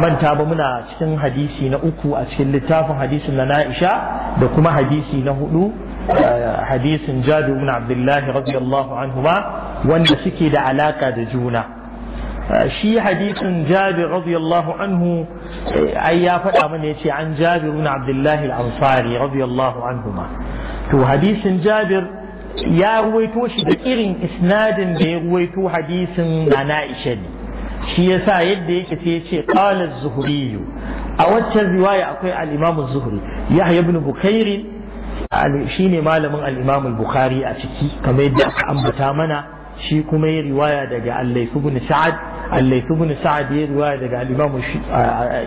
manta ba muna cikin hadisi na uku a cikin littafin hadisin na na'isha da kuma hadisi na hudu eh, hadisin Jabir ibn Abdullah radiyallahu anhu ba wanda suke da alaka da juna eh, shi hadisin jabi radiyallahu anhu eh, ai ya faɗa mana yace an jabi ibn Abdullah al-Ansari radiyallahu anhu ma to hadisin Jabir ya ruwaito shi da irin isnadin da ya ruwaito hadisin na Aisha ne shi yasa yadda yake sai ya ce qala az a waccan riwaya akwai al-imam ya zuhri yahya ibn bukairi shine malamin al-imam bukhari a ciki kamar yadda aka ambata mana shi kuma ya riwaya daga al-layth sa'ad sa'ad ya riwaya daga al-imam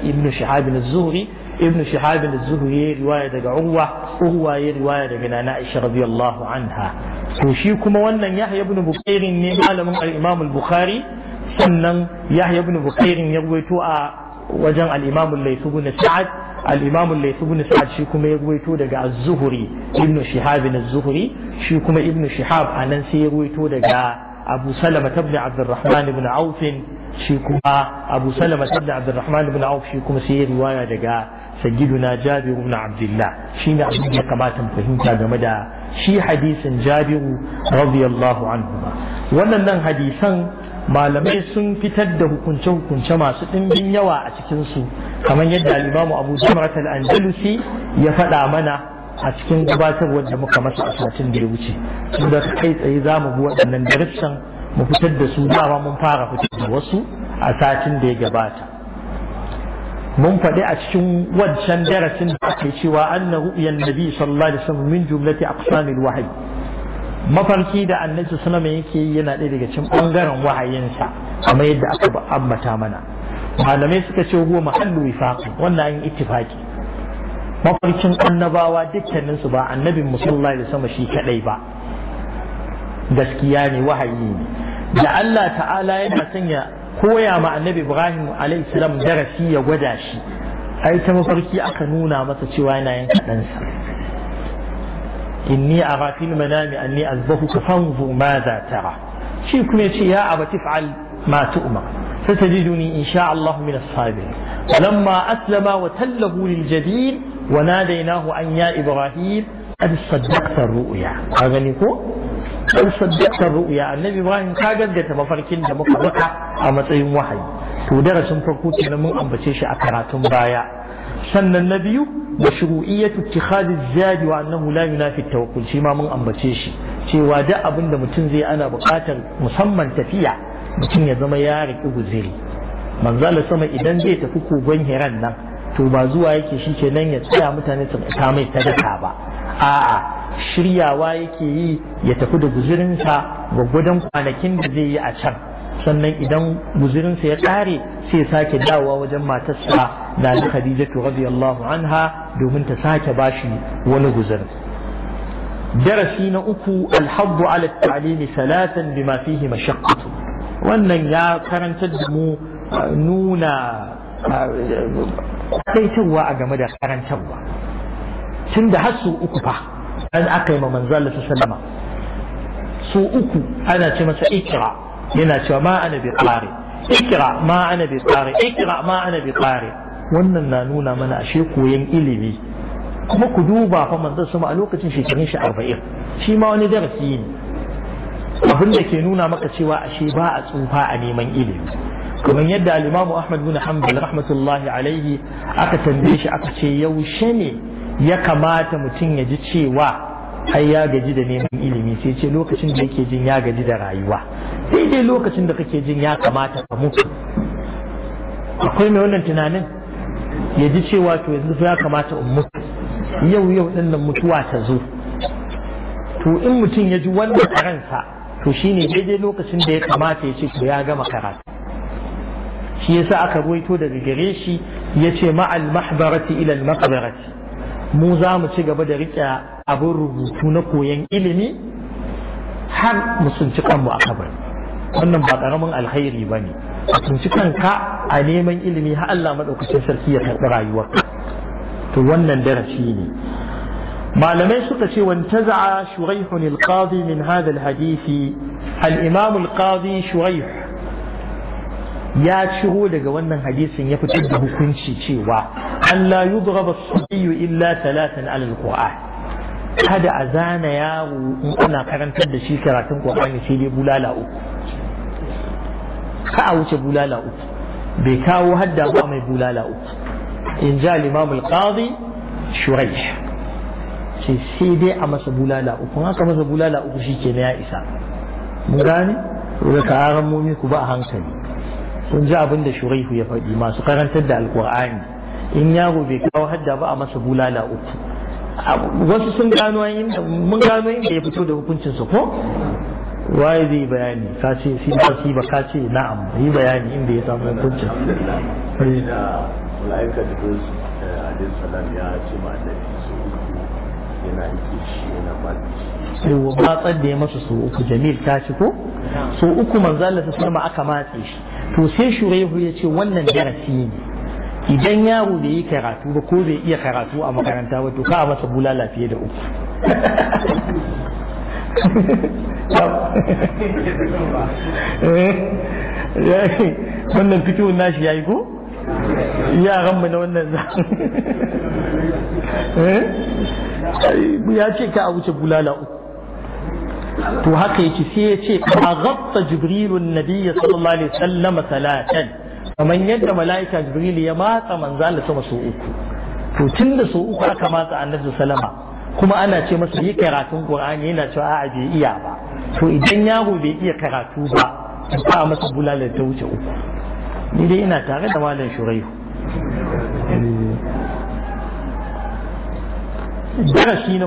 ibn shihab az-zuhri ibn shihab az-zuhri ya riwaya daga urwa urwa ya riwaya daga nana aisha radiyallahu anha to shi kuma wannan yahya ibn bukairi ne malamin al-imam bukhari sannan yahya ibn bukairin ya ruwaito a wajen al-imam al-layth ibn sa'ad al-imam al ibn sa'ad shi kuma ya ruwaito daga az-zuhri ibn shihab az-zuhri shi kuma ibn shihab anan sai ya ruwaito daga abu salama ibn abdurrahman ibn auf shi kuma abu salama abdurrahman ibn auf shi kuma sai ya riwaya daga sayyiduna jabir ibn abdullah shine mu fahimta game da shi hadisin jabiru radiyallahu anhu wannan nan hadisan malamai sun fitar da hukunce-hukunce masu ɗimbin yawa a cikinsu kamar yadda alimamu abu sumat al-andalusi ya faɗa mana a cikin gabatarwar da muka masa a satin da ya wuce inda kai tsaye za mu bi waɗannan darussan mu fitar da su dama mun fara fitar da wasu a satin da ya gabata mun faɗi a cikin wancan darasin da ake cewa annahu yan nabi sallallahu alaihi wasallam min jumlati aqsamil wahyi mafarki da annabi sallama yake yi yana ɗaya daga cikin ɓangaren wahayinsa kamar yadda aka ambata mana malamai suka ce huwa mahallu wifaqi wannan an ittifaqi mafarkin annabawa dukkanin su ba annabin musallallahu alaihi wasallam shi kadai ba gaskiya ne wahayi ne da Allah ta'ala yana sanya koya ma annabi Ibrahim alaihi salam darasi ya gwada shi ai ta mafarki aka nuna masa cewa yana yin kadansa إني أرى في المنام أني أذبحك فانظر ماذا ترى شيء كما يا أبا تفعل ما تؤمر ستجدني إن شاء الله من الصابرين ولما أسلم وتله للجبين وناديناه أن يا إبراهيم قد صدقت الرؤيا أغني هو قد صدقت الرؤيا النبي إبراهيم كاجد جت مفركين دمك بكا أما تيم وحي to darasin farko kenan mun ambace shi sannan na biyu mashru'iyyatu ittikhadhi zadi wa annahu la yunafi tawakkul shi ma mun ambace shi cewa duk abin da mutum zai ana buƙatar musamman tafiya mutum ya zama ya riƙi guziri manzala sama idan zai tafi kogon hiran nan to ba zuwa yake shi ke nan ya tsaya mutane su ta mai sadaka ba a'a shiryawa yake yi ya tafi da guzirinsa gwaggwadon kwanakin da zai yi a can sannan idan muzirinsa ya ƙare sai sake dawowa wajen matarsa na da khadijatu radiyallahu anha domin ta sake bashi wani guzirin darasi na uku alhabbu ala ta'limi salatan bima fihi mashaqqatu wannan ya karantar da mu nuna kaitarwa a game da karantarwa tun da har su uku fa an aka yi ma manzo Allah sallama su uku ana ce masa ikra yana cewa ma ana bi qari ikra ma ana bi qari ikra ma ana bi qari wannan na nuna mana ashe koyan ilimi kuma ku duba fa manzon sama a lokacin shekarun shi 40 shi ma wani darasi ne abin da ke nuna maka cewa ashe ba a tsufa a neman ilimi kamar yadda al-Imam Ahmad bin Hanbal rahmatullahi alaihi aka tambaye shi aka ce yaushe ne ya kamata mutum ya ji cewa har ya gaji da neman ilimi sai ce lokacin da yake jin ya gaji da rayuwa sai dai lokacin da kake jin ya kamata ka mutu akwai mai wannan tunanin ya ji cewa to yanzu ya kamata in mutu yau yau din nan mutuwa ta zo to in mutum ya ji wannan a ransa to shine daidai lokacin da ya kamata ya ce to ya gama karatu shi yasa aka ruwaito daga gare shi ya ce ma'al mahbarati ila al mu za mu ci gaba da riƙe abin rubutu na koyon ilimi har musunci kanmu a kabari wannan ba ƙaramin alkhairi ba ne a tunci kanka a neman ilimi har Allah maɗaukacin sarki ya karɓi rayuwarka to wannan darasi ne malamai suka ce wantaza'a shuraih al-qadi min hadal hadisi al-imam Shuraihu? shuraih ya ciro daga wannan hadisin ya fitar da hukunci cewa an la yudraba as illa talatan alal quran kada a zana yaro in ana karantar da shi karatun ƙwaƙwani sai dai bulala uku ka a wuce bulala uku bai kawo hadda ba mai bulala uku in ja limamul qadi shuraih ce sai dai a masa bulala uku in aka masa bulala uku shi ke ya isa mun gane ƙararren karan momi ku ba a hankali Sun ji abin da shuraihu ya faɗi masu karantar da alƙur'ani in yaro bai kawo hadda ba a masa bulala uku wasu sun gano inda mun gano inda ya fito da hukuncin su ko waye zai bayani ka ce shi ba shi ba ka ce na'am yi bayani inda ya samu hukuncin mala'ika da bin alaihi yana shi matsar da ya masa su uku jamil ta ci ko su uku manzo sai ma aka matse shi to sai shuraihu ya ce wannan darasi ne idan yaro bai yi karatu ba ko bai iya karatu a makaranta ba to ka a masa bulala fiye da uku eh, wannan fitowar nashi ya yi ko yaran mu na wannan za eh, ya ce ka a wuce bulala uku to haka yake sai ya ce a gabta jibrilun nabiyya sallallahu alaihi sallama salatan kamar yadda mala'ika jibril ya matsa manzo Allah sama su uku to tunda da su uku aka matsa annabi sallama kuma ana ce masa yi karatun qur'ani yana cewa a'a bai iya ba to idan yaro bai iya karatu ba ba masa bulala ta wuce uku ni dai ina tare da malam shuraihu an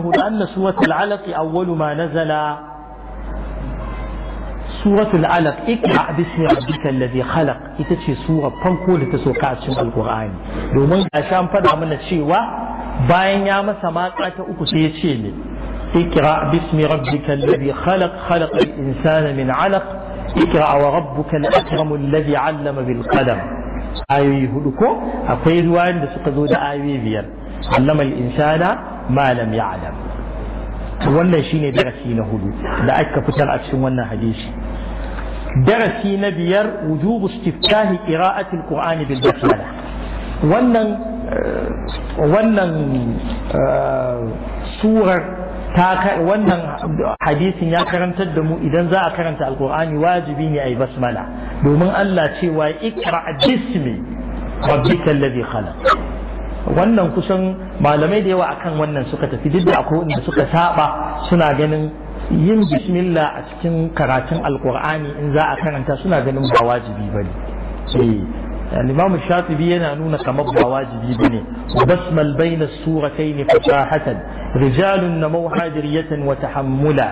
hudu annasu سورة العلق awwalu na zana. suratul alaq ikra bismi rabbika alladhi khalaq ita ce sura farko da ta soka a cikin alqur'ani domin a sha fada mana cewa bayan ya masa matsa ta uku sai ya ce ne ikra bismi rabbika alladhi khalaq khalaqa al-insana min 'alaq ikra wa rabbuka al-akram alladhi 'allama bil qalam ayoyi hudu ko akwai ruwayan da suka zo da ayoyi biyar allama al-insana ma lam ya'lam wannan shine darasi na hudu da aka fitar a cikin wannan hadisi darasi na biyar wujubu istiftahi qira'atil qur'ani bil basmala wannan eh, wannan eh, surar ta wannan hadisin ya karantar da mu idan za a karanta alqur'ani wajibi ne ayi basmala domin Allah cewa ikra bismi rabbika alladhi khalaq wannan kusan malamai da yawa akan wannan suka tafi duk da akwai inda suka saba suna ganin yin bismillah a cikin karatun alkur'ani in za a karanta suna ganin ba wajibi eh, ba ne الإمام الشاطبي ينانون كمبع واجبي بني وبسمل بين السورتين فصاحة رجال نمو حاجرية وتحملا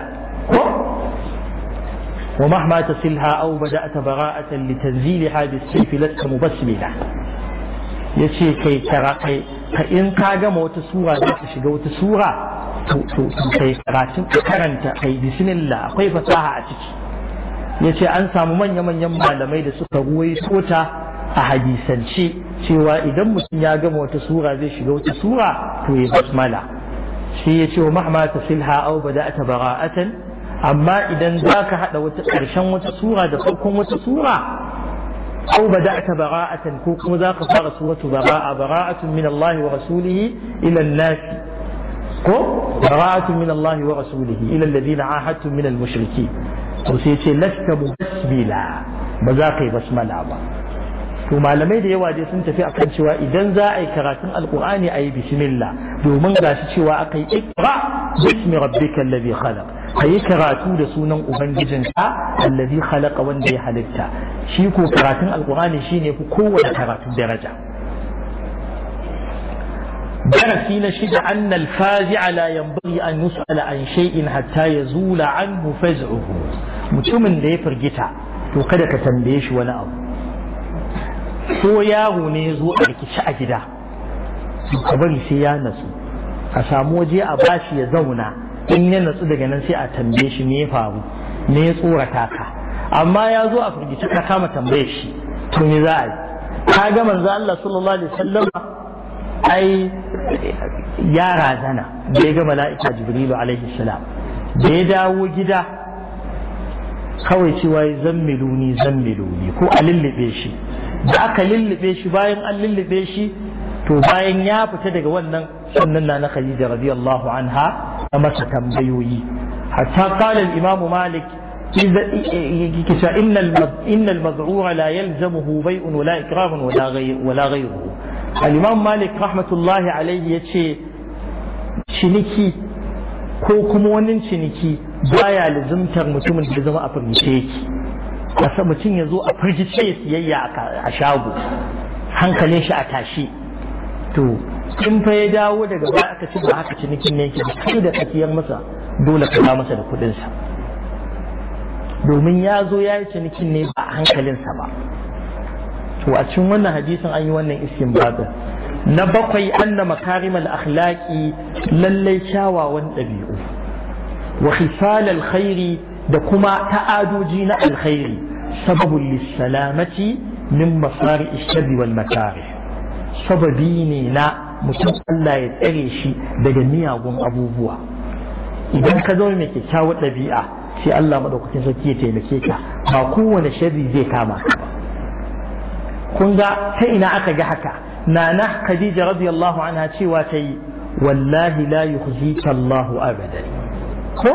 ومهما تصلها أو بدأت براءة لتنزيل هذه السيف لست مبسملة yace kai tara kai ka in ka gama wata sura za ka shiga wata sura kai karatun karanta kai bismillah akwai fasaha a ciki ya ce an samu manya-manyan malamai da suka ruwai tota a hadisance cewa idan mutum ya gama wata sura zai shiga wata sura to ya basmala shi ya ce wa mahma ta silha au ba ta bara'atan amma idan za ka haɗa wata ƙarshen wata sura da farkon wata sura kuma za ka fara suratu bara'a bara'atun براءة من wa ورسوله إلى الناس ko bara'atun min Allah wa rasulihi ila alladhina ahadtum min al-mushriki to sai ce lasta basmila ba za ka yi basmala ba to malamai da yawa dai sun tafi akan cewa idan za a yi karatun alqur'ani a yi bismillah domin shi cewa aka yi ikra bismi rabbika alladhi khalaq kayi karatu da sunan ubangijinka alladhi khalaqa wanda ya halitta shi ko karatun alqur'ani shine fi kowane karatu daraja darasi na shida an alfazi ala yanbaghi an yus'ala an shay'in hatta yazula anhu faz'uhu mutumin da ya firgita to kada ka tambaye shi wani abu ko yaro ne ya zo a rikici a gida to ka bari sai ya natsu a samu waje a bashi ya zauna in ya natsu daga nan sai a tambaye shi me ya faru me ya tsorata ka amma ya zo a firgici ka kama tambaye shi to me za a yi ka ga manzo Allah sallallahu alaihi wasallam ai ya razana da ya ga mala'ika jibrilu alaihi salam da ya dawo gida kawai cewa ya zammiluni ko a lullube shi da aka lullube shi bayan an lullube shi to bayan ya fita daga wannan sannan na khadija radiyallahu anha a masa tambayoyi hatta qala al-imam malik إن المذعور لا يلزمه بيء ولا إكراه ولا غيره al-imam malik rahmatullahi alaihi ya ce ciniki ko kuma wani ciniki baya lizimtar mutumin da zama a firgice yake kasa mutum ya zo a firgice siyayya a shago hankalin shi a tashi to in fa ya dawo daga ba aka ci ba haka cinikin ne yake kai da tsakiyar masa dole ka masa da kudinsa domin ya zo ya yi cinikin ne ba a hankalinsa ba to a cikin wannan hadisin an yi wannan istinbadin na bakwai anna karimar akhlaqi lallai kyawawan ɗabi'u wa khisal alkhairi da kuma ta'adoji na alkhairi sababun lissalamati min masari ishabi wal makari sababi ne na mutum Allah ya tsare shi daga miyagun abubuwa idan ka zama mai kyakkyawar ɗabi'a sai Allah maɗaukacin sarki ya taimake ka ba kowane sharri zai kama ka ba kun ga ta ina aka ga haka nana khadija radiyallahu anha cewa ta yi wallahi la yukhzika Allah abada. ko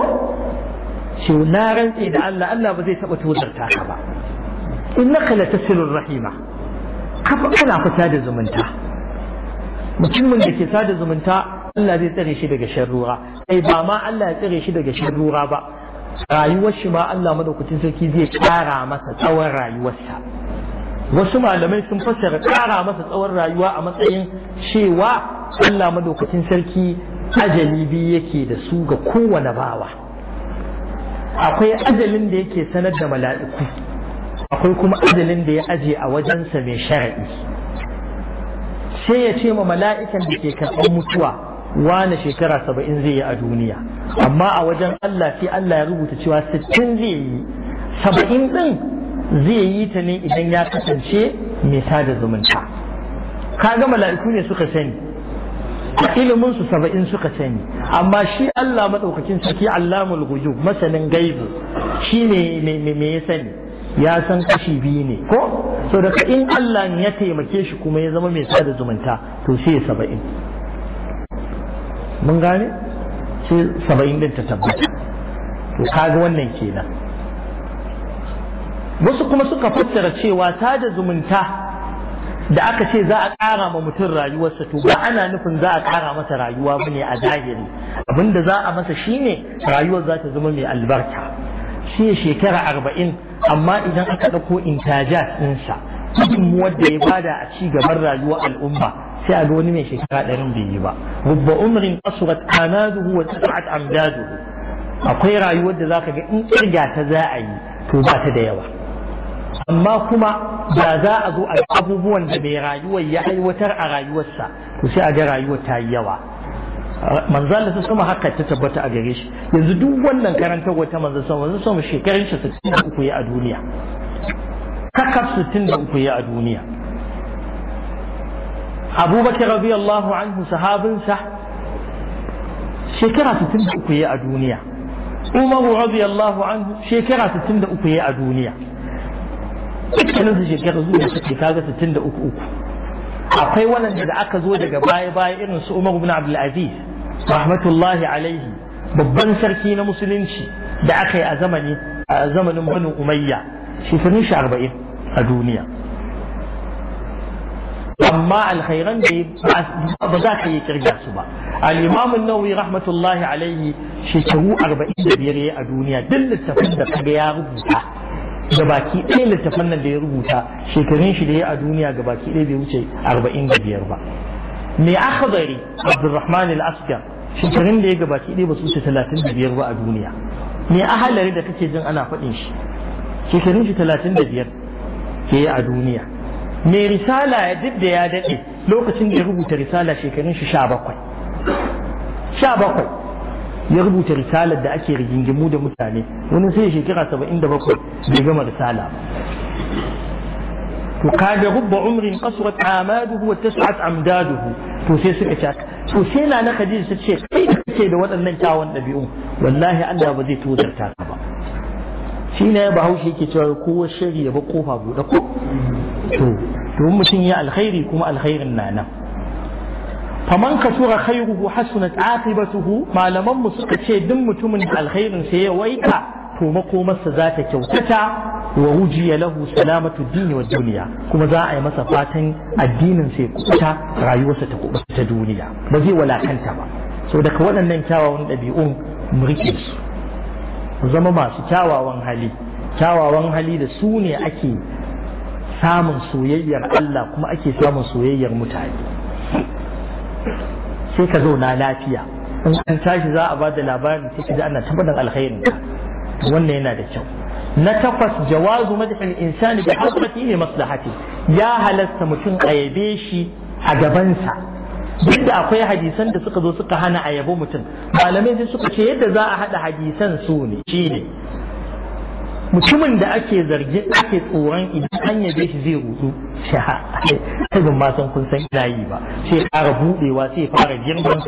na rantse da Allah Allah ba zai taba tozarta ka ba innaka latasilur rahima kafa kana fita da zumunta mutumin da ke sada zumunta Allah zai tsare shi daga sharrura sai ba ma Allah ya tsare shi daga sharrura ba rayuwar shi ma Allah madaukakin sarki zai kara masa tsawon rayuwarsa wasu malamai sun fassara ƙara masa tsawon rayuwa a matsayin cewa Allah madaukakin sarki ajali biyu yake da su ga kowane bawa akwai ajalin da yake sanar da mala'iku akwai kuma ajalin da ya aje a wajen sa mai shara'i sai ya ce ma mala'ikan da ke karɓar mutuwa wane shekara saba'in zai yi a duniya amma a wajen Allah sai Allah ya rubuta cewa sittin zai yi saba'in ɗin zai yi ta ne idan ya kasance mai sada zumunta ka ga mala'iku ne suka sani ilimin iliminsu saba'in suka sani amma shi Allah madaukakin sarki alamul ghuyub masanin gaibu shi ne me ya sani ya san kashi biyu ne ko so daga in Allah ya taimake shi kuma ya zama mai sada zumunta to sai ya saba'in mun gane sai saba'in din ta tabbata to kaga wannan kenan wasu kuma suka fassara cewa sada zumunta da aka ce za a ƙara ma mutum rayuwarsa to ba ana nufin za a ƙara masa rayuwa ba ne a zahiri abinda za a masa shine rayuwar za ta zama mai albarka shi shekara arba'in amma idan aka ɗauko intajat ɗinsa mu wadda ya bada a ci gaban rayuwar al'umma sai a ga wani mai shekara ɗarin bai yi ba rubba umrin qasrat anaduhu wa tas'at amdaduhu akwai rayuwar da zaka ga in ƙirga ta za a yi to ba ta da yawa amma kuma da za a zo a abubuwan da bai rayuwar ya aiwatar a rayuwarsa to sai a ga rayuwar ta yi yawa manzan da su sama haka ta tabbata a gare shi yanzu duk wannan karanta wata manzan sama manzan sama shekarun shi sittin da uku ya a duniya kakaf sittin da uku ya a duniya abubakar radiyallahu anhu sahabinsa shekara sittin da uku ya a duniya umaru radiyallahu anhu shekara sittin da uku ya a duniya dukkanin su shekaru zuwa suke kaga 63 uku akwai waɗanda da aka zo daga baya baya irin su Umar ibn Abdul Aziz rahmatullahi alaihi babban sarki na musulunci da aka yi a a zamanin Banu Umayya shekarun shi 40 a duniya amma alkhairan da ba za ka yi kirga su ba al-imam an-nawawi rahmatullahi alaihi shekaru 45 a duniya duk littafin da ga ya rubuta Gabaki baki ɗaya littafan nan da ya rubuta shekarun shi da ya a duniya gabaki baki ɗaya bai wuce arba'in da biyar ba mai akhbari abdurrahman al-askar shekarun da ya ga baki ɗaya ba su wuce talatin da biyar ba a duniya mai ahalari da kake jin ana faɗin shi shekarun shi talatin da biyar ke a duniya mai risala ya duk da ya daɗe lokacin da ya rubuta risala shekarun shi sha bakwai sha bakwai ya rubuta risalar da ake rigingimu da mutane wani sai shekara 77 bai gama risala to kaga rubba umrin qasrat amaduhu wa tas'at amdaduhu to sai suka ce to sai na na khadija ta ce kai kake da waɗannan kyawun ɗabi'u wallahi Allah ba zai tozarta ka ba shi ne bahaushe yake cewa kowa shari ya ba kofa buɗe ko to to mutum ya alkhairi kuma alkhairin na nan faman kasura khairuhu hasunat aqibatuhu malaman mu suka ce duk mutumin da alkhairin sa ya waika to makomarsa za ta kyautata wa wujiya lahu salamatu dini wa duniya kuma za a yi masa fatan addinin sa ya rayuwarsa ta kuɓa ta duniya ba zai walakanta ba so daga waɗannan kyawawan ɗabi'un mu rike su zama masu kyawawan hali kyawawan hali da su ne ake samun soyayyar Allah kuma ake samun soyayyar mutane sai ka na lafiya in an tashi za a ba da labarin sai ka ji ana tabbatar alkhairin wannan yana da kyau na takwas jawazu madhin insani da hasrati li maslahati ya halasta mutum a yabe shi a gabansa duk akwai hadisan da suka zo suka hana a yabo mutum malamai sai suka ce yadda za a hada hadisan su ne shine mutumin da ake zargi ake tsoron idan an yabe shi zai rudu shaha sai ban san kun san ina yi ba sai fara budewa sai fara girman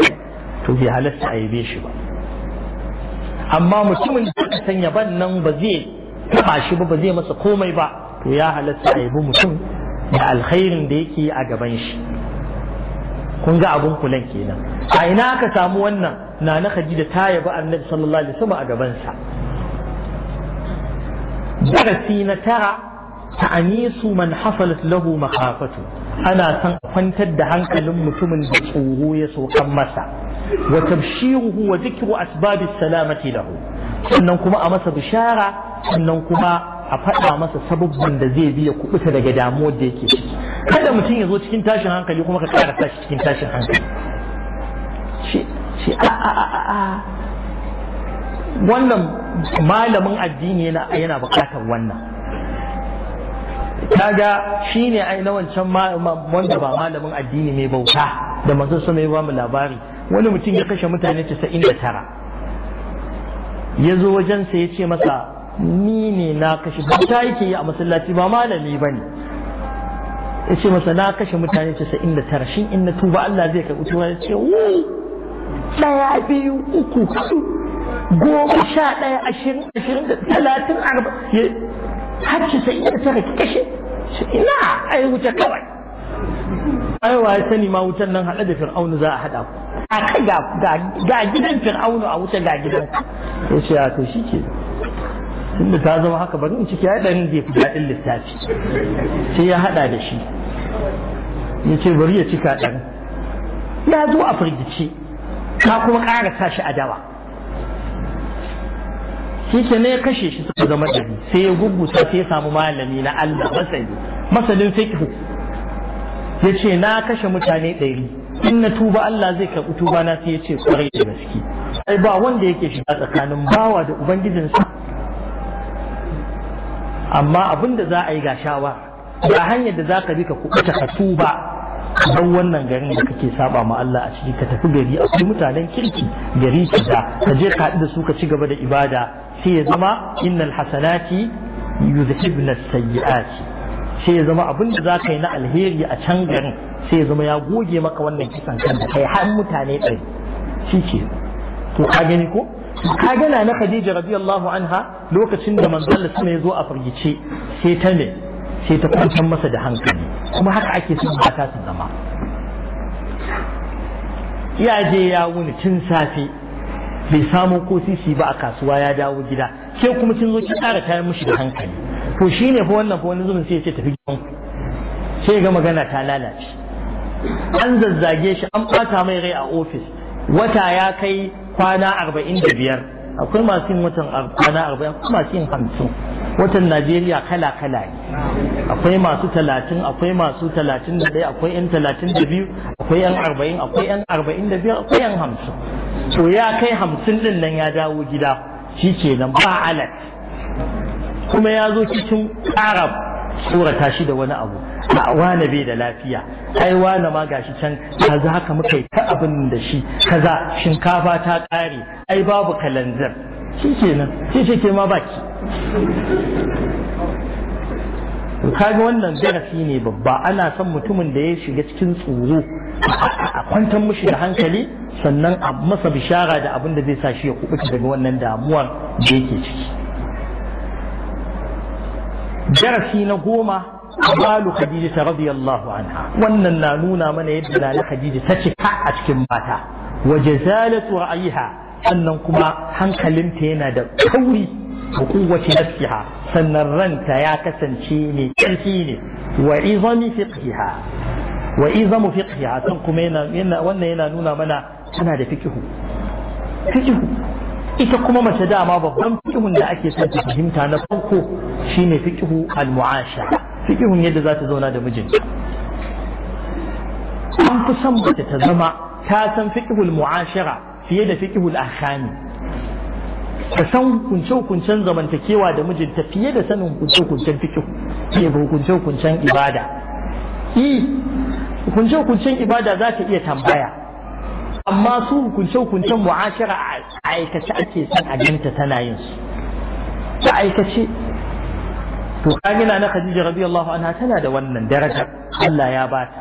to bai halasta a yabe shi ba amma mutumin da aka sanya ban nan ba zai taba shi ba ba zai masa komai ba to ya halasta a yabi mutum da alkhairin da yake a gaban shi kun ga abun kulan kenan a ina aka samu wannan na na khadija ta yabi annabi sallallahu alaihi wasallam a gaban sa darasi na tara ta'anisu man hasalat lahu makafatu ana san kwantar da hankalin mutumin da tsoro ya sokan masa wa tabshiruhu wa dhikru asbabi salamati lahu sannan kuma a masa bishara sannan kuma a faɗa masa sababban da zai biya kubuta daga damuwar da yake ciki kada mutum ya zo cikin tashin hankali kuma ka ƙara tashi cikin tashin hankali shi a a a a wannan malamin addini yana bukatar wannan kaga shi ne na wancan wanda ba malamin addini mai bauta da masu sama mai ba mu labari wani mutum ya kashe mutane 99 ya zo wajensa ya ce masa ni ne na kashe bauta yake yi a masallaci ba malami ba ne ya ce masa na kashe mutane 99 shin in na tuba Allah zai karɓi tuba ya ce ɗaya biyu uku goma sha ɗaya ashirin ashirin da talatin arba ya hacci sai ya tara ki kashe ina yi wuce kawai ai wa ya sani ma wutan nan haɗe da fir'aunu za a haɗa ku a kai ga gidan fir'aunu a wuce ga gidan ya ce ya to shi ke tunda ta zama haka bari in ciki ya ɗan zai fi daɗin littafi sai ya haɗa da shi ya ce bari ya cika ɗan ya zo a firgice ka kuma ƙara tashi a dawa shi ke ya kashe shi suka zama ɗari sai ya gugusa sai ya samu malami na Allah masani masanin fiqh ya ce na kashe mutane ɗari in na tuba Allah zai karɓi tuba na sai ya ce kwarai da gaske ai ba wanda yake shiga tsakanin bawa da ubangijinsa amma abin da za a yi gashawa hanyar da za ka bi ka kuɓuta ka tuba don wannan garin da kake saba ma Allah a ciki ka tafi gari akwai mutanen kirki gari da ka je ka haɗu da su ka ci gaba da ibada sai ya zama innal hasanati yuzhibna sayyi'ati sai ya zama abin da zaka yi na alheri a can garin sai ya zama ya goge maka wannan kisan kan da kai har mutane ɗari shi ke to ka gani ko ka gana na Khadija radiyallahu anha lokacin da manzon sama ya zo a firgice sai ta ne sai ta kwantar masa da hankali kuma haka ake son mata su zama ya je ya wuni tun safe bai samu ko sisi ba a kasuwa ya dawo gida ke kuma kin zo ki ƙara kayan mushi da hankali to shine fa wannan fa wani zumin sai ya ce tafi gidan sai ga magana ta lalace an zazzage shi an ɓata mai rai a ofis wata ya kai kwana arba'in da biyar akwai masu yin watan kwana arba'in akwai masu yin hamsin watan najeriya kala kala ne akwai masu talatin akwai masu talatin da ɗaya akwai yan talatin da biyu akwai yan arba'in akwai yan arba'in da biyu akwai yan hamsin to ya kai hamsin din nan ya dawo gida shi nan ba alat kuma ya zo cikin ƙara ta shi da wani abu a wane bai da lafiya ai wane ma gashi can kaza haka muka yi ta abin da shi kaza shinkafa ta ƙare. ai babu kalanzir shi kenan shi ce ke ma baki ga wannan darasi ne babba ana son mutumin da ya shiga cikin tsoro a kwantar mushi da hankali sannan a masa bishara da abin da zai sa shi ya kubuta daga wannan damuwar da yake ciki darasi na goma balu khadija ta radiyallahu anha wannan na nuna mana yadda na khadija ta cika a cikin mata wa jazalatu ra'ayiha sannan kuma hankalinta yana da kauri wa kuwwati nafsiha sannan ranta ya kasance ne ƙarfi ne wa izami fiqhiha wa izamu fiqhiha san kuma yana wannan yana nuna mana tana da fiqhu fiqhu ita kuma mace dama babban fiqhun da ake son ta fahimta na farko shine fiqhu al-mu'ashara fiqhun yadda za ta zauna da mijinta an fi san mace ta zama ta san fiqhul mu'ashara fiye da fiqhul akhani ta san hukunce hukuncen zamantakewa da mijinta fiye da sanin hukunce hukuncen fiqh fiye da hukunce hukuncen ibada i hukunce hukuncen ibada za ta iya tambaya amma su hukunce hukuncen mu'ashara a aikace ake son a ganta tana yin su ta aikace to kamina na khadija radiyallahu anha tana da wannan daraja Allah ya bata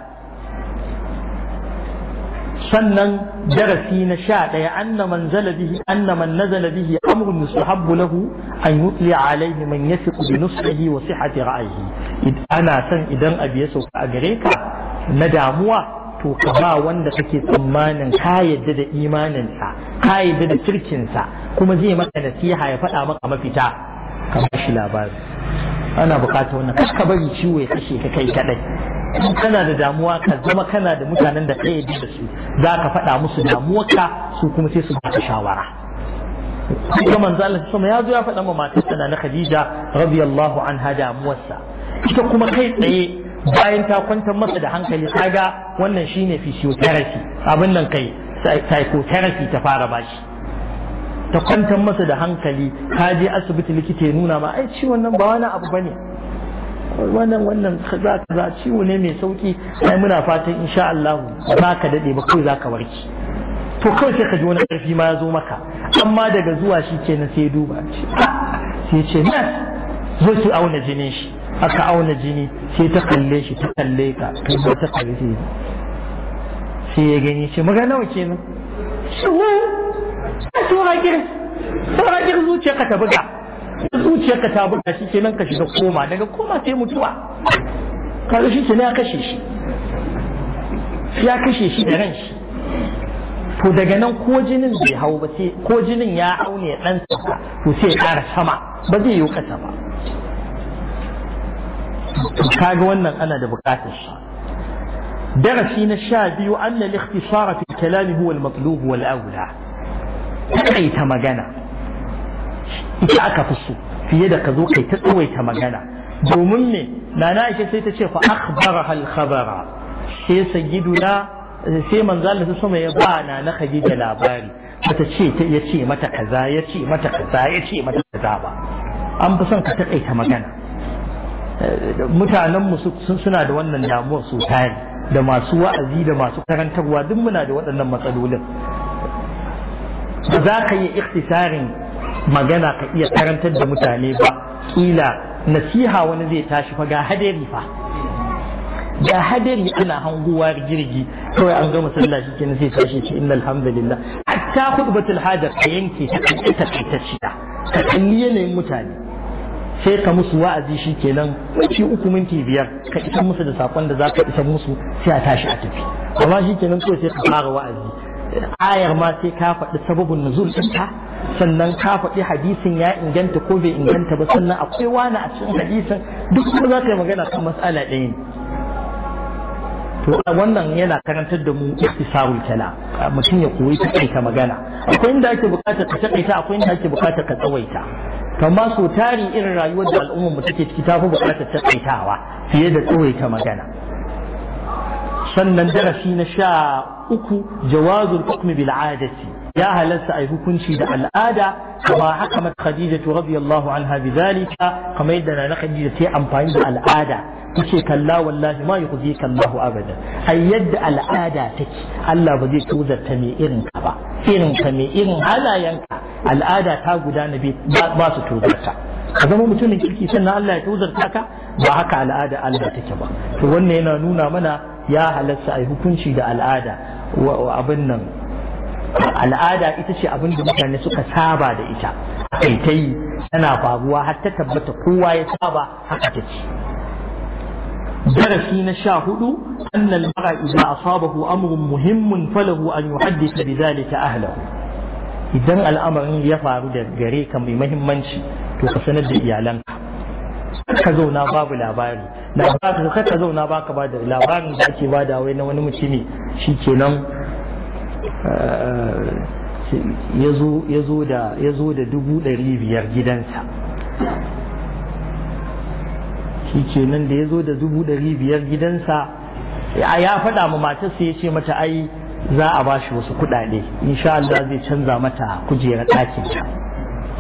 sannan darasi na sha ɗaya anna man zala bihi anna man nazala bihi amrun yustahabbu lahu an yutli alayhi man yasiqu bi nusrihi wa sihhati ra'yihi ana san idan abu ya sauka a gare ka na damuwa to ka ba wanda kake tsammanin ka yadda da imaninsa ka yadda da kirkinsa kuma zai maka nasiha ya faɗa maka mafita ka ba shi labari ana bukatar wannan kashka bari ciwo ya kashe ka kai kadai in kana da damuwa ka zama kana da mutanen da kai da su za ka faɗa musu damuwarka su kuma sai su baka shawara kuma manzo Allah sama ya zo ya faɗa ma matar sana na Khadija radiyallahu anha damuwarsa ita kuma kai tsaye bayan ta kwantar masa da hankali kaga wannan shine physiotherapy abin nan kai psychotherapy ta fara bashi ta kwantar masa da hankali ka je asibiti likita ya nuna ma ai ciwon nan ba wani abu bane wannan wannan kaza kaza ciwo ne mai sauki ai muna fatan insha Allah ba ka dade ba kai zaka warke to kawai sai ka ji wani karfi ma ya zo maka amma daga zuwa shi kenan sai duba ah, sai ce na zo ki auna jinin shi aka auna jini sai ta kalle shi ta kalle ka to ba ta kalle sai ya gani ce magana nawa kenan shi tura kirin tura zuciyarka ta buga zuciyarka ta buga shi kenan ka shiga koma daga koma sai mutuwa kaga shi ya kashe shi to daga nan ko jinin bai hau ba sai ko jinin ya aune dan sa to sai ya ƙara sama ba zai yi kasa ba kaga wannan ana da buƙatar shi Darasi na sha أن الاختصار في الكلام هو المطلوب والأولى ta magana ita aka fi so fiye da ka zo kai ta tsawaita magana domin me nana aisha sai ta ce fa akhbara hal khabara sai na sai manzo su sama ya ba nana khadija labari ta ce ya ce mata kaza ya ce mata kaza ya ce mata kaza ba an fi son ka taƙaita magana mutanenmu suna da wannan damuwar su tare da masu wa'azi da masu karantarwa duk muna da waɗannan matsalolin za ka yi iktisarin magana ka iya karantar da mutane ba ila nasiha wani zai tashi fa ga hadari fa ga hadari ana hanguwa jirgi kawai an gama sallah shi kenan sai tashi shi inna alhamdulillah hatta khutbatul hajar ka yanke ta kai ta ta shida ka kalli yanayin mutane sai ka musu wa'azi shi kenan minti uku minti biyar ka isan musu da sakon da za ka isa musu sai a tashi a tafi amma shi kenan kawai sai ka fara wa'azi ayar ma sai ka faɗi sababin nuzul ɗinta sannan ka faɗi hadisin ya inganta ko bai inganta ba sannan akwai wani a cikin hadisin duk kuma za ka yi magana kan mas'ala ɗaya ne to wannan yana karantar da mu istisarul kala mutum ya koyi ta ta magana akwai inda ake bukatar ka takaita akwai inda ake bukatar ka tsawaita kamar so tari irin rayuwar da al'ummar mu take ciki ta fi bukatar takaitawa fiye da tsawaita magana sannan darasi na sha uku jawazul hukmi bil adati ya halarta a yi hukunci da al'ada kama haka mata khadija radiyallahu anha bidhalika kamar yadda na khadija ta amfani da al'ada tace kalla wallahi ma yukhzika kallahu abada ai yadda al'ada take Allah ba zai tuzarta mai irin ka ba irin ka mai irin halayenka al'ada ta gudana ba su tuzarta ka zama mutumin kirki sannan Allah ya tuzarta ka ba haka al'ada Allah take ba to wannan yana nuna mana ya halatta a hukunci da al'ada wa abin nan al'ada ita ce abin da mutane suka saba da ita kai ta yi tana faruwa har ta tabbata kowa ya saba haka ta ce darasi na sha hudu annal mara idan asabahu amrun muhimmun falahu an yuhaddisa Bizali ta ahlahu idan al'amarin ya faru da gare ka mai muhimmanci to ka sanar da iyalanka ka zauna babu labari labarin ka zauna baka ba da labarin da ake bada wai na wani mutumi shikenan eh, ya zo da dubu ɗari biyar gidansa shikenan da ya zo da dubu ɗari biyar gidansa ya faɗa ma matarsa ya ce mata ai za a ba shi wasu kuɗaɗe insha Allah zai canza mata kujerar ɗakin ta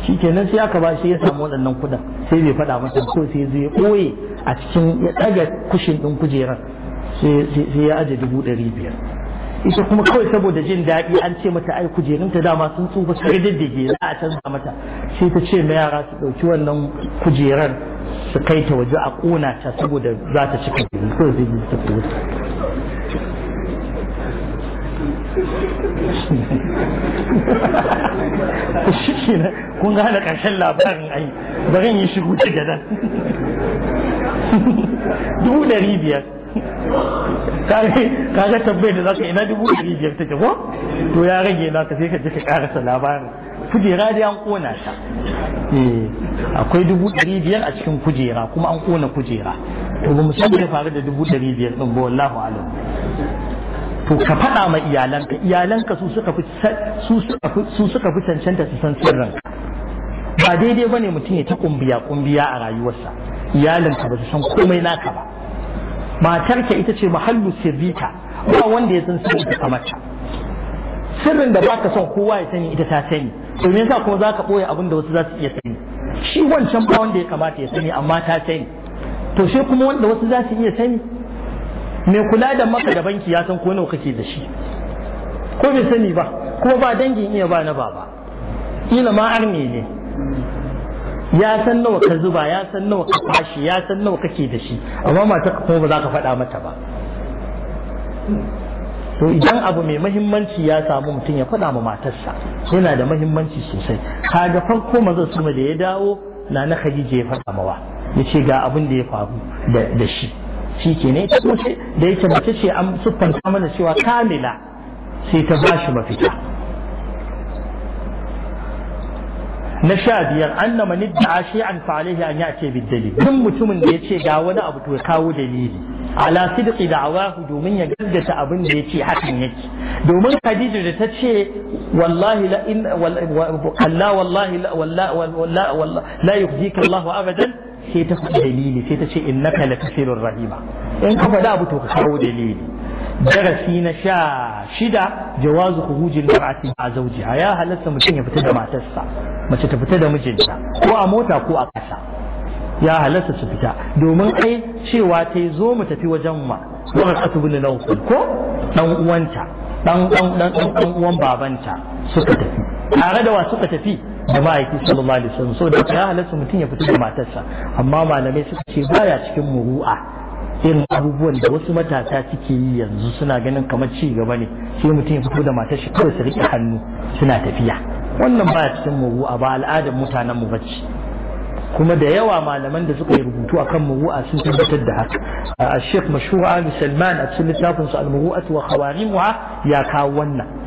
shi kenan sai aka ba shi ya samu waɗannan kuɗin sai bai faɗa masa ko sai zai ɓoye a cikin ya ɗaga kushin ɗin kujerar sai ya aje dubu ɗari biyar ita kuma kawai saboda jin daɗi an ce mata ai ta dama sun tsufa su diddige za a canza mata sai ta ce ma yara su ɗauki wannan kujerar su kai ta waje a ƙona ta saboda za ta cika zai sai ta ƙona shi ke nan kun gane karshen labarin ai barin yi shigo ta gadan dubu ɗari biyar kaga tabbai da zaka ina dubu ɗari biyar take ko to ya rage ka sai ka je ka karasa labarin kujera dai an kona ta eh, akwai dubu ɗari biyar a cikin kujera kuma an kona kujera to ba mu san da faru da dubu ɗari biyar ɗin ba wallahu alam to ka faɗa ma iyalanka iyalanka su suka fi su suka fi cancanta su san sirrin ba daidai ba ne mutum ya ta kumbiya kumbiya a rayuwarsa iyalanka ba su san komai naka ba matarka ita ce mahallu sirrika ba wanda ya san sirrin ta sirrin da baka son kowa ya sani ita ta sani to me yasa kuma zaka boye abin da wasu za su iya sani shi wancan ba wanda ya kamata ya sani amma ta sani to sai kuma wanda wasu za su iya sani mai kula da maka da banki ya san ko nawa kake da shi ko bai sani ba kuma ba dangin iya ba na baba kila ma arme ne ya san nawa ka zuba ya san nawa ka fashi ya san nawa kake da shi amma mata kuma ba za ka faɗa mata ba to idan abu mai mahimmanci ya samu mutum ya faɗa ma matarsa yana da mahimmanci sosai kaga farko maza suma da ya dawo na na khadija ya faɗa mawa ya ce ga abin da ya faru da shi shi ke ne da yake mace ce an siffanta mana cewa kamila sai ta ba shi mafita na sha biyar an na mani da ashe an fa'alaihi an yace biddali duk mutumin da ya ce ga wani abu to ya kawo dalili ala sidqi awahu domin ya gaddata abin da yace hakan yake domin Khadija da ta ce wallahi la in wallahi wallahi la yuhdika Allah abadan sai ta faɗi dalili sai ta ce innaka latasirur rahima in ka faɗi abu to ka kawo dalili darasi na sha shida jawazu khurujil mar'ati a zawjiha ya halatta mutum ya fita da matarsa mace ta fita da mijinta ko a mota ko a ƙasa ya halatta su fita domin ai cewa ta zo mu tafi wajen ma wa qatu bin nawfal ko ɗan uwanta ɗan ɗan uwan babanta suka tafi tare da wa suka tafi da ma'aiki sallallahu alaihi wasallam so da ya halatta mutum ya fito da matarsa amma malamai suka ce baya cikin muru'a irin abubuwan da wasu matasa suke yi yanzu suna ganin kamar ci gaba ne sai mutum ya fito da matar shi kawai su rike hannu suna tafiya wannan baya cikin muru'a ba al'adar mutanen mu bace kuma da yawa malaman da suka yi rubutu akan muru'a sun tabbatar da haka a Sheikh Mashhur Salman a cikin littafinsu al-Muru'atu wa Khawarimuha ya kawo wannan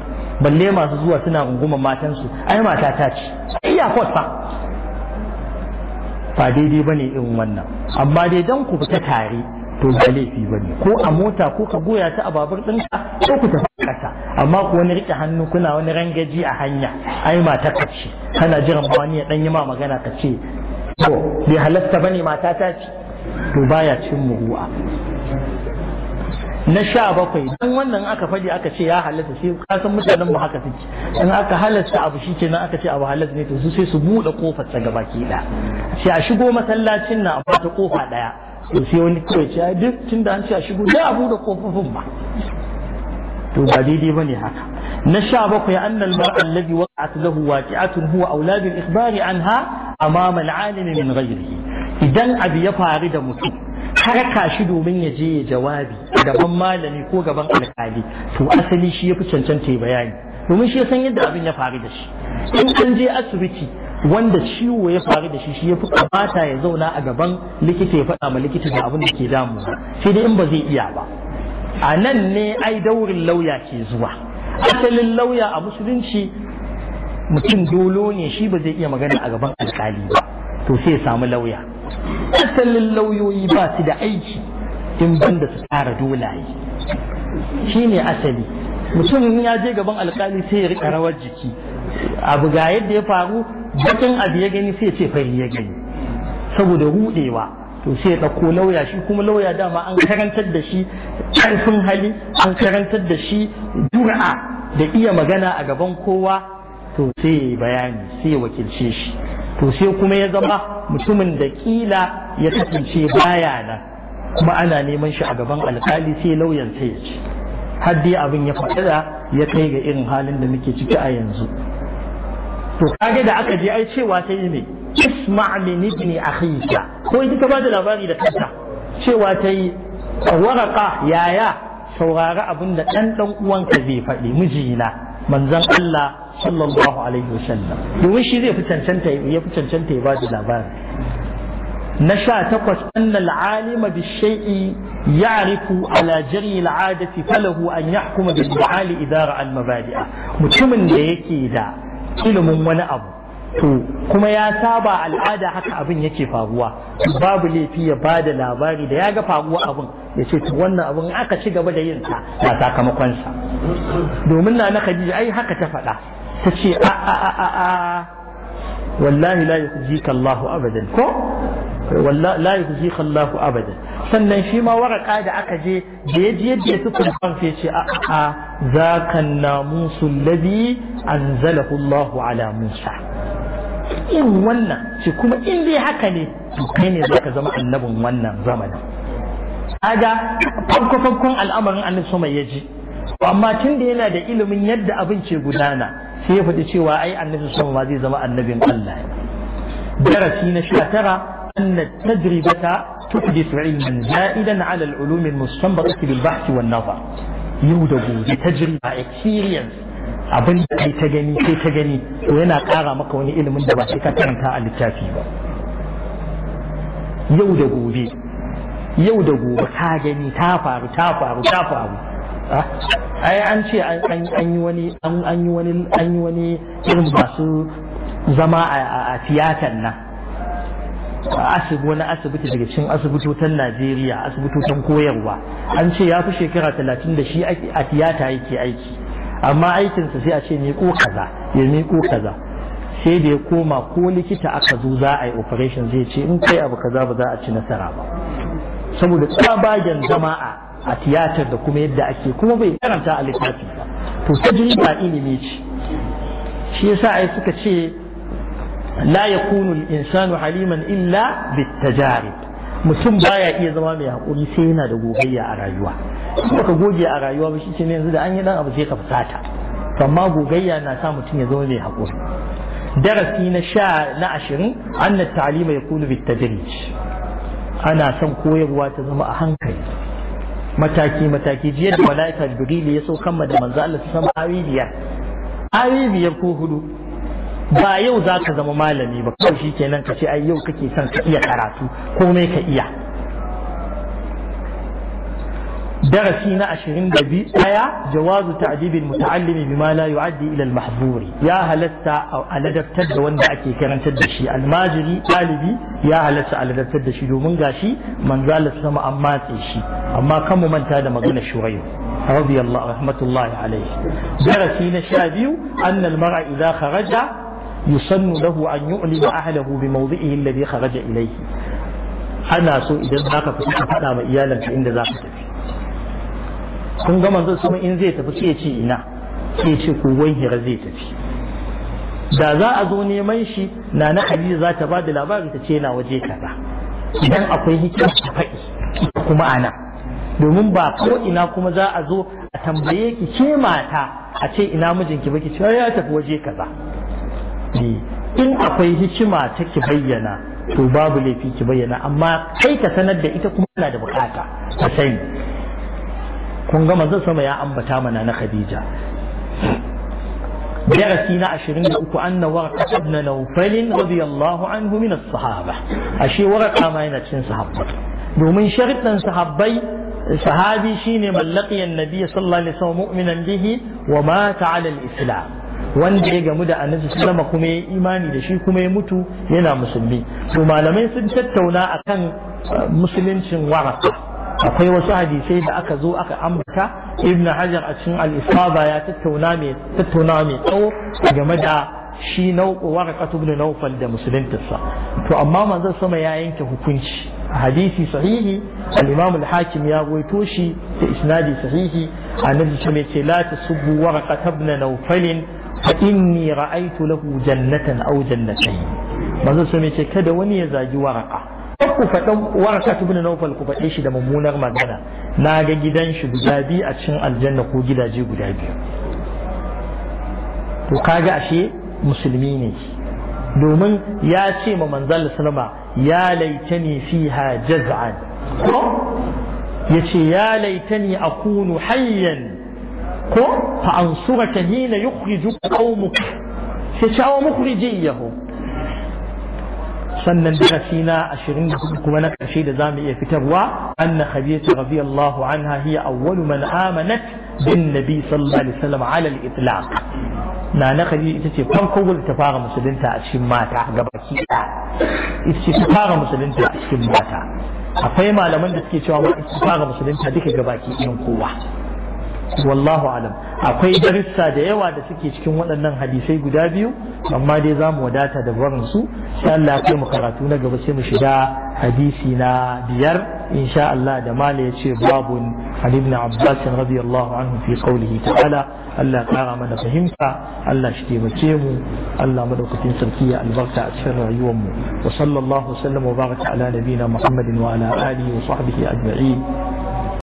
balle masu zuwa suna rungumar matansu ai mata ta ce iya fa ba daidai bane irin wannan amma dai dan ku fita tare to ba laifi bane ko a mota ko ka goya ta a babur ɗinka ko ku tafi ƙasa amma ku wani rike hannu kuna wani rangaji a hanya ai mata ka ce kana jiran ba ya ɗan yi ma magana ka ce to bai halasta bane mata ta ce to baya cin muru'a na sha bakwai dan wannan aka faɗi aka ce ya halatta sai kasan mutanen mu haka suke in aka halatta abu shi kenan aka ce abu halatta ne to su sai su buɗe kofar ta gaba ki da sai a shigo masallacin na amma ta kofa ɗaya. to sai wani kawai ce duk da an ce a shigo dai a buɗe kofofin ba to ba daidai ne haka na sha bakwai annal mar'a wa waqa'at lahu waqi'atun huwa aulad al-ikhbari anha amama al-alim min ghayrihi idan abu ya faru da mutum harka shi domin ya je ya jawabi gaban malami ko gaban alkali to asali shi ya fi cancanta bayani domin shi ya san yadda abin ya faru da shi in an je asibiti wanda ciwo ya faru da shi shi ya fi kamata ya zauna a gaban likita ya faɗa ma likita da abin da ke damuwa sai dai in ba zai iya ba a nan ne ai daurin lauya ke zuwa asalin lauya a musulunci mutum dolo ne shi ba zai iya magana a gaban alkali ba to sai ya samu lauya asalin lauyoyi ba su da aiki in banda su tsara dolaye shi ne asali mutum ya je gaban alkali sai ya rika rawar jiki abu ga yadda ya faru bakin abu ya gani sai ce fari ya gani saboda rudewa to sai ya ɗauko lauya shi kuma lauya dama an karantar da shi ƙarfin hali an karantar da shi jur'a da iya magana a gaban kowa to sai ya yi bayani sai ya wakilce shi to sai kuma ya zama mutumin da kila ya kasance baya nan kuma ana neman shi a gaban alkali sai lauyan sai ya ce har dai abin ya faɗi da ya kai ga irin halin da muke ciki a yanzu to kage da aka je ai cewa ta yi me isma min ibn akhika ko ita ta bada labari da kanta cewa ta yi waraka yaya saurari abin da dan ɗan uwanka zai faɗi mijina manzon Allah sallallahu alaihi wasallam domin shi zai fi cancanta ya fi cancanta ya ba da labari na sha takwas anna al'alima bi shay'i ya'rifu ala jari al'adati falahu an yahkuma bil mu'ali idara al mabadi'a mutumin da yake da ilimin wani abu to kuma ya saba al'ada haka abin yake faruwa babu laifi ya ba da labari da ya ga faruwa abin ya ce to wannan abin aka ci gaba da yin sa na sakamakonsa domin na na khadija ai haka ta faɗa ta ce a a a a wallahi la yukhzika Allahu abadan ko wallahi la yukhzika Allahu abadan sannan shi ma waraka da aka je da yaji yadda ya sufin sai ce a a zaka namusu alladhi anzalahu Allahu ala Musa in wannan ce kuma in dai haka ne to kai ne zaka zama annabin wannan zamanin kaga farko farkon al'amarin annabi sama ya ji amma tun da yana da ilimin yadda abin ke gudana sai ya faɗi cewa ai annabi sama ma zai zama annabin Allah darasi na sha tara أن التجربة تحدث علما زائدا على العلوم المستنبطة بالبحث والنظر يودب بتجربة experience abin da kai ta gani sai ta gani to yana ƙara maka wani ilimin da ba sai ka karanta a littafi ba yau da gobe yau da gobe ka gani ta faru ta faru ta faru ai an ce an yi wani irin masu zama a tiyatar nan asibi wani asibiti daga cikin asibitotan Najeriya asibitotan koyarwa an ce ya fi shekara talatin da shi a tiyata yake aiki amma aikinsa sai a ce miƙo kaza ya miƙo kaza sai da ya koma ko likita aka zo za a yi operation zai ce in kai abu kaza ba za a ci nasara ba saboda tsabagen zama a tiyatar da kuma yadda ake kuma bai karanta a littafi ba to tajriba ilimi ce shi yasa ai suka ce la yakunu al-insanu haliman illa bitajarib mutum baya iya zama mai hakuri sai yana da gogayya a rayuwa kuma ka goge a rayuwa ba shi ne yanzu da an yi dan abu sai ka fusata amma gogayya na sa mutum ya zama mai hakuri darasi na sha na ashirin an na ta'alima ya kulu bitajirij ana son koyarwa ta zama a hankali mataki mataki jiya da malaika jibril ya so kama da manzo Allah sama awi biyar awi biyar ko hudu ba yau za ka zama malami ba kawai shi kenan ka ce ai yau kake son ka iya karatu komai ka iya درسي نا أشرين دبي أيا جواز تعذيب المتعلم بما لا يعدي إلى المحظور يا هلتا أو ألدب تد وان بأكي كرن تدشي الماجري طالبي يا هلتا ألدب تدشي دو من غاشي من زال سما أما تشي أما كم من تاد مغنى شريو رضي الله رحمة الله عليه درسي نشابيو أن المرء إذا خرج يسن له أن يؤلم أهله بموضعه الذي خرج إليه أنا سو إذا ذاك فتا ما إيالا عند ذاك تفي Sun ga manzo sama in zai tafi sai ce ina sai ce hira zai tafi da za a zo neman shi na na Hadiza za ta ba da labari ta ce na waje kaza idan akwai hikima ta faɗi kuma ana domin ba ko ina kuma za a zo a tambaye ki ke mata a ce ina mijinki baki ce ya tafi waje kaza eh, in akwai hikima ta ki bayyana to babu laifi ki bayyana amma kai ka sanar da ita kuma na da bukata ta sani kun ga manzon sama ya ambata mana na Khadija darasi na 23 anna warqa ibn nawfal radiyallahu anhu min as-sahaba ashe warqa ma yana cin sahabba domin sharadin sahabbai sahabi shine mallaki annabi sallallahu alaihi wasallam mu'minan bihi wa mata ala al-islam wanda ya gamu da annabi sallama kuma ya imani da shi kuma ya mutu yana musulmi to malamai sun tattauna akan uh, musuluncin waraka akwai wasu hadisai da aka zo aka ambata ibn hajar a cikin al-isaba ya tattauna mai tattauna mai tsawo game da shi nau'u warqatu ibn nawfal da musuluntarsa to amma manzon sama ya yanke hukunci hadisi sahihi al-imam al-hakim ya goyito shi da isnadi sahihi annabi ce mai ce la tasubbu warqatu ibn nawfal fa inni ra'aytu lahu jannatan aw jannatayn manzon sama ce kada wani ya zagi waraƙa. ku faɗin warka ibn na ku faɗe shi da mummunar magana na ga gidan shi guda biyu a cikin aljanna ko gidaje guda biyu to kaga ashe musulmi ne domin ya ce ma manzal sallama ya laitani fiha jaz'an ko ce ya laitani kunu hayyan ko fa ta hina yukhrijuka qaumuk sai mukhrijiyahu sannan darasi na ashirin da kuma na ƙarshe da za mu iya fitarwa anna khadija radiyallahu anha hiya awwalu man amanat bin nabi sallallahu alaihi wasallam ala al-itlaq na na khadija ita ce farko wanda ta fara musulunta a cikin mata gabaki ita ce ta fara musulunta a cikin mata akwai malaman da suke cewa ma ita ta fara musulunta duka gabaki ɗin kowa wallahu alam akwai darissa da yawa da suke cikin waɗannan hadisai guda biyu amma dai za mu wadata da barin su sha Allah ya mu karatu na gaba sai mu shiga hadisi na biyar insha Allah da mala ce babu Ali ibn Abbas radiyallahu anhu fi qawlihi ta'ala Allah kara mana fahimta Allah shi taimake mu Allah madaukakin sarki ya albarka a cikin rayuwar mu wa sallallahu sallam wa baraka ala nabiyina Muhammadin wa ala alihi wa sahbihi ajma'in